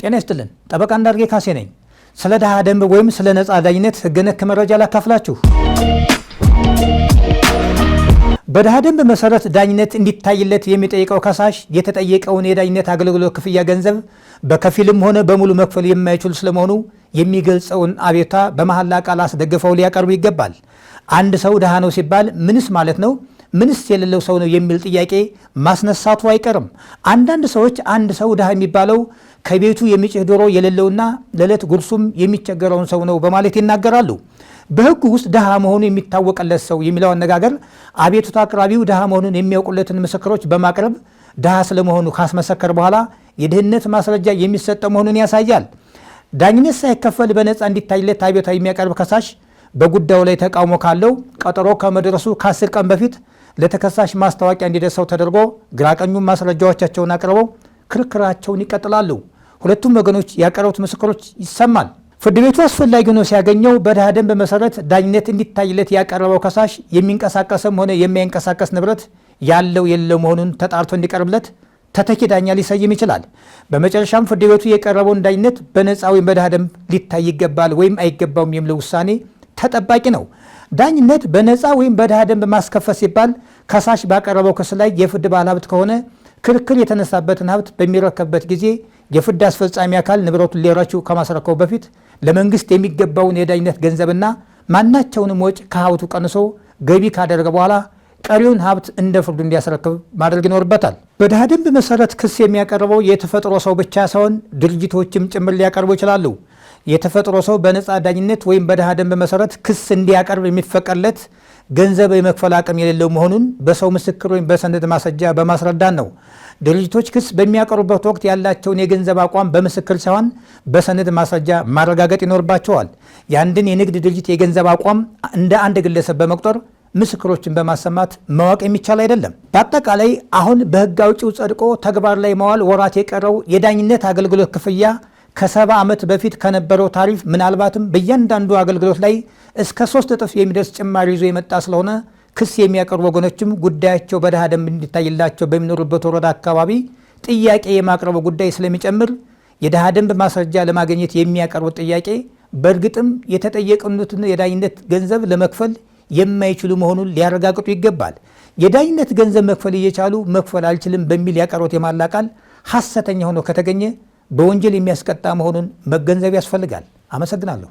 ጤና ይስጥልን። ጠበቃ እንዳርጌ ካሴ ነኝ። ስለ ድሃ ደንብ ወይም ስለ ነፃ ዳኝነት ህግ ነክ መረጃ ላካፍላችሁ። በድሃ ደንብ መሰረት ዳኝነት እንዲታይለት የሚጠይቀው ከሳሽ የተጠየቀውን የዳኝነት አገልግሎት ክፍያ ገንዘብ በከፊልም ሆነ በሙሉ መክፈል የማይችል ስለመሆኑ የሚገልጸውን አቤቷ በመሐላ ቃል አስደግፈው ሊያቀርቡ ይገባል። አንድ ሰው ድሃ ነው ሲባል ምንስ ማለት ነው? ምንስ የሌለው ሰው ነው የሚል ጥያቄ ማስነሳቱ አይቀርም። አንዳንድ ሰዎች አንድ ሰው ድሃ የሚባለው ከቤቱ የሚጭህ ዶሮ የሌለውና ለዕለት ጉርሱም የሚቸገረውን ሰው ነው በማለት ይናገራሉ። በሕጉ ውስጥ ድሃ መሆኑ የሚታወቅለት ሰው የሚለው አነጋገር አቤቱታ አቅራቢው ድሃ መሆኑን የሚያውቁለትን ምስክሮች በማቅረብ ድሃ ስለመሆኑ ካስመሰከር በኋላ የድህነት ማስረጃ የሚሰጠው መሆኑን ያሳያል። ዳኝነት ሳይከፈል በነፃ እንዲታይለት አቤቱታ የሚያቀርብ ከሳሽ በጉዳዩ ላይ ተቃውሞ ካለው ቀጠሮ ከመድረሱ ከአስር ቀን በፊት ለተከሳሽ ማስታወቂያ እንዲደርሰው ተደርጎ ግራቀኙ ማስረጃዎቻቸውን አቅርበው ክርክራቸውን ይቀጥላሉ። ሁለቱም ወገኖች ያቀረቡት ምስክሮች ይሰማል። ፍርድ ቤቱ አስፈላጊ ሆኖ ሲያገኘው በድሃ ደንብ መሰረት ዳኝነት እንዲታይለት ያቀረበው ከሳሽ የሚንቀሳቀስም ሆነ የማይንቀሳቀስ ንብረት ያለው የለው መሆኑን ተጣርቶ እንዲቀርብለት ተተኪ ዳኛ ሊሰይም ይችላል። በመጨረሻም ፍርድ ቤቱ የቀረበውን ዳኝነት በነፃ ወይም በድሃ ደንብ ሊታይ ይገባል ወይም አይገባውም የሚለው ውሳኔ ተጠባቂ ነው። ዳኝነት በነፃ ወይም በድሃ ደንብ ማስከፈት ሲባል ከሳሽ ባቀረበው ክስ ላይ የፍርድ ባለሀብት ከሆነ ክርክር የተነሳበትን ሀብት በሚረከብበት ጊዜ የፍርድ አስፈጻሚ አካል ንብረቱን ሊረችው ከማስረከቡ በፊት ለመንግስት የሚገባውን የዳኝነት ገንዘብና ማናቸውንም ወጪ ከሀብቱ ቀንሶ ገቢ ካደረገ በኋላ ቀሪውን ሀብት እንደ ፍርዱ እንዲያስረክብ ማድረግ ይኖርበታል። በድሃ ደንብ መሰረት ክስ የሚያቀርበው የተፈጥሮ ሰው ብቻ ሳይሆን ድርጅቶችም ጭምር ሊያቀርቡ ይችላሉ። የተፈጥሮ ሰው በነፃ ዳኝነት ወይም በድሃ ደንብ መሰረት ክስ እንዲያቀርብ የሚፈቀድለት ገንዘብ የመክፈል አቅም የሌለው መሆኑን በሰው ምስክር ወይም በሰነድ ማስረጃ በማስረዳት ነው። ድርጅቶች ክስ በሚያቀርቡበት ወቅት ያላቸውን የገንዘብ አቋም በምስክር ሳይሆን በሰነድ ማስረጃ ማረጋገጥ ይኖርባቸዋል። የአንድን የንግድ ድርጅት የገንዘብ አቋም እንደ አንድ ግለሰብ በመቁጠር ምስክሮችን በማሰማት ማወቅ የሚቻል አይደለም። በአጠቃላይ አሁን በህግ አውጪው ጸድቆ ተግባር ላይ መዋል ወራት የቀረው የዳኝነት አገልግሎት ክፍያ ከሰባ ዓመት በፊት ከነበረው ታሪፍ ምናልባትም በእያንዳንዱ አገልግሎት ላይ እስከ ሶስት እጥፍ የሚደርስ ጭማሪ ይዞ የመጣ ስለሆነ ክስ የሚያቀርቡ ወገኖችም ጉዳያቸው በድሃ ደንብ እንዲታይላቸው በሚኖሩበት ወረዳ አካባቢ ጥያቄ የማቅረቡ ጉዳይ ስለሚጨምር የድሃ ደንብ ማስረጃ ለማግኘት የሚያቀርቡት ጥያቄ በእርግጥም የተጠየቅኑትን የዳኝነት ገንዘብ ለመክፈል የማይችሉ መሆኑን ሊያረጋግጡ ይገባል። የዳኝነት ገንዘብ መክፈል እየቻሉ መክፈል አልችልም በሚል ያቀርቡት የማላቃል ሀሰተኛ ሐሰተኛ ሆኖ ከተገኘ በወንጀል የሚያስቀጣ መሆኑን መገንዘብ ያስፈልጋል። አመሰግናለሁ።